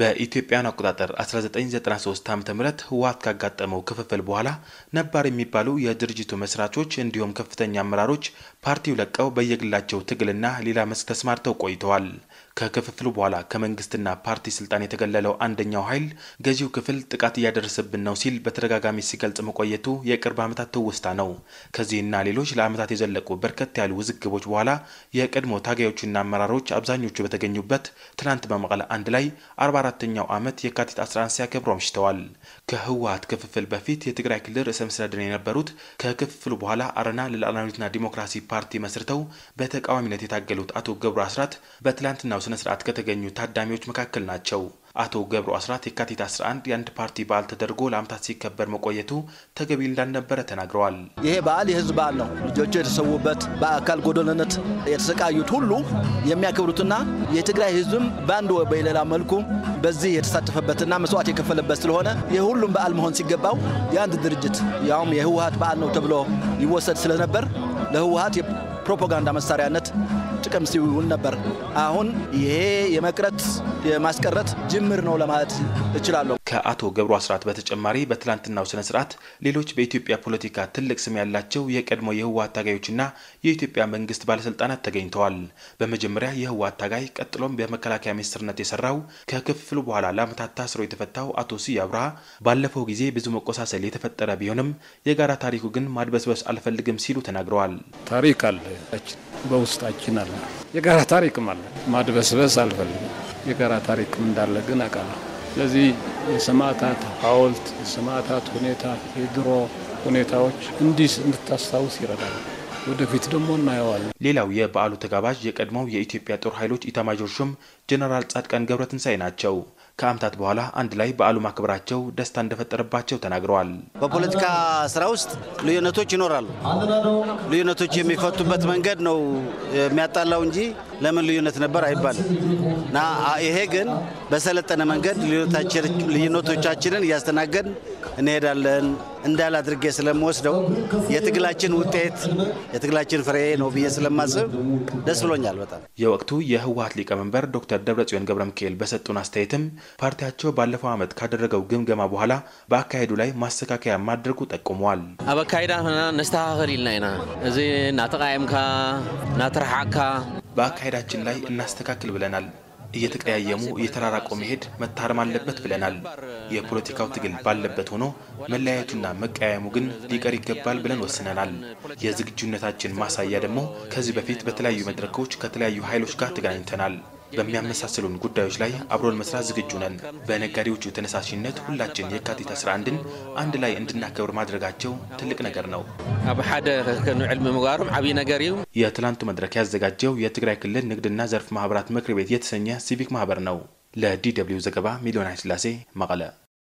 በኢትዮጵያውያን አቆጣጠር 1993 ዓ ም ህወሀት ካጋጠመው ክፍፍል በኋላ ነባር የሚባሉ የድርጅቱ መስራቾች እንዲሁም ከፍተኛ አመራሮች ፓርቲው ለቀው በየግላቸው ትግልና ሌላ መስክ ተሰማርተው ቆይተዋል። ከክፍፍሉ በኋላ ከመንግስትና ፓርቲ ስልጣን የተገለለው አንደኛው ኃይል ገዢው ክፍል ጥቃት እያደረሰብን ነው ሲል በተደጋጋሚ ሲገልጽ መቆየቱ የቅርብ ዓመታት ትውስታ ነው። ከዚህና ሌሎች ለዓመታት የዘለቁ በርከት ያሉ ውዝግቦች በኋላ የቀድሞ ታጋዮችና አመራሮች አብዛኞቹ በተገኙበት ትናንት በመቀለ አንድ ላይ 44 አራተኛው ዓመት የካቲት 11 ሲያከብሩ አምሽተዋል። ከህወሀት ክፍፍል በፊት የትግራይ ክልል ርዕሰ መስተዳድር የነበሩት ከክፍፍሉ በኋላ አረና ለሉዓላዊነትና ዲሞክራሲ ፓርቲ መስርተው በተቃዋሚነት የታገሉት አቶ ገብሩ አስራት በትላንትናው ስነ ስርዓት ከተገኙ ታዳሚዎች መካከል ናቸው። አቶ ገብሩ አስራት የካቲት 11 የአንድ ፓርቲ በዓል ተደርጎ ለአመታት ሲከበር መቆየቱ ተገቢ እንዳልነበረ ተናግረዋል። ይሄ በዓል የህዝብ በዓል ነው። ልጆቹ የተሰዉበት፣ በአካል ጎደልነት የተሰቃዩት ሁሉ የሚያከብሩትና የትግራይ ህዝብም በአንድ በሌላ መልኩ በዚህ የተሳተፈበትና መስዋዕት የከፈለበት ስለሆነ የሁሉም በዓል መሆን ሲገባው የአንድ ድርጅት ያውም የህወሀት በዓል ነው ተብሎ ይወሰድ ስለነበር ለህወሀት የፕሮፓጋንዳ መሳሪያነት ጥቅም ሲውል ነበር። አሁን ይሄ የመቅረት የማስቀረት ጅምር ነው ለማለት እችላለሁ። ከአቶ ገብሩ አስራት በተጨማሪ በትላንትናው ስነ ስርዓት ሌሎች በኢትዮጵያ ፖለቲካ ትልቅ ስም ያላቸው የቀድሞ የህወሀት ታጋዮችና የኢትዮጵያ መንግስት ባለስልጣናት ተገኝተዋል። በመጀመሪያ የህወሀት ታጋይ ቀጥሎም በመከላከያ ሚኒስትርነት የሰራው ከክፍሉ በኋላ ለአመታት ታስሮ የተፈታው አቶ ስዬ አብርሃ ባለፈው ጊዜ ብዙ መቆሳሰል የተፈጠረ ቢሆንም የጋራ ታሪኩ ግን ማድበስበስ አልፈልግም ሲሉ ተናግረዋል። ታሪክ አለ፣ በውስጣችን አለ፣ የጋራ ታሪክም አለ። ማድበስበስ አልፈልግም። የጋራ ታሪክም እንዳለ ግን አውቃለሁ። ስለዚህ የሰማዕታት ሐውልት የሰማዕታት ሁኔታ የድሮ ሁኔታዎች እንዲህ እንድታስታውስ ይረዳል። ወደፊት ደግሞ እናየዋለን። ሌላው የበዓሉ ተጋባዥ የቀድሞው የኢትዮጵያ ጦር ኃይሎች ኢታማዦር ሹም ጀነራል ጻድቃን ገብረትንሳኤ ናቸው። ከአመታት በኋላ አንድ ላይ በዓሉ ማክበራቸው ደስታ እንደፈጠረባቸው ተናግረዋል። በፖለቲካ ስራ ውስጥ ልዩነቶች ይኖራሉ። ልዩነቶች የሚፈቱበት መንገድ ነው የሚያጣላው እንጂ ለምን ልዩነት ነበር አይባልም እና ይሄ ግን በሰለጠነ መንገድ ልዩነቶቻችንን እያስተናገድ እንሄዳለን እንዳል አድርጌ ስለምወስደው የትግላችን ውጤት የትግላችን ፍሬ ነው ብዬ ስለማስብ ደስ ብሎኛል በጣም። የወቅቱ የህወሀት ሊቀመንበር ዶክተር ደብረጽዮን ገብረ ሚካኤል በሰጡን አስተያየትም ፓርቲያቸው ባለፈው ዓመት ካደረገው ግምገማ በኋላ በአካሄዱ ላይ ማስተካከያ ማድረጉ ጠቁመዋል። ኣብ ኣካይዳ ኢልና ኢና እዚ እናተቃየምካ እናተረሓዕካ በአካሄዳችን ላይ እናስተካክል ብለናል። እየተቀያየሙ እየተራራቁ መሄድ መታረም አለበት ብለናል። የፖለቲካው ትግል ባለበት ሆኖ መለያየቱና መቀያየሙ ግን ሊቀር ይገባል ብለን ወስነናል። የዝግጁነታችን ማሳያ ደግሞ ከዚህ በፊት በተለያዩ መድረኮች ከተለያዩ ኃይሎች ጋር ተገናኝተናል። በሚያመሳስሉን ጉዳዮች ላይ አብሮን መስራት ዝግጁ ነን። በነጋዴዎቹ ተነሳሽነት ሁላችን የካቲት 11ን አንድ ላይ እንድናከብር ማድረጋቸው ትልቅ ነገር ነው። ኣብ ሓደ ዓብይ ነገር እዩ። የትላንቱ መድረክ ያዘጋጀው የትግራይ ክልል ንግድና ዘርፍ ማህበራት ምክር ቤት የተሰኘ ሲቪክ ማህበር ነው። ለዲ ደብልዩ ዘገባ ሚሊዮን ኃይለሥላሴ መቀለ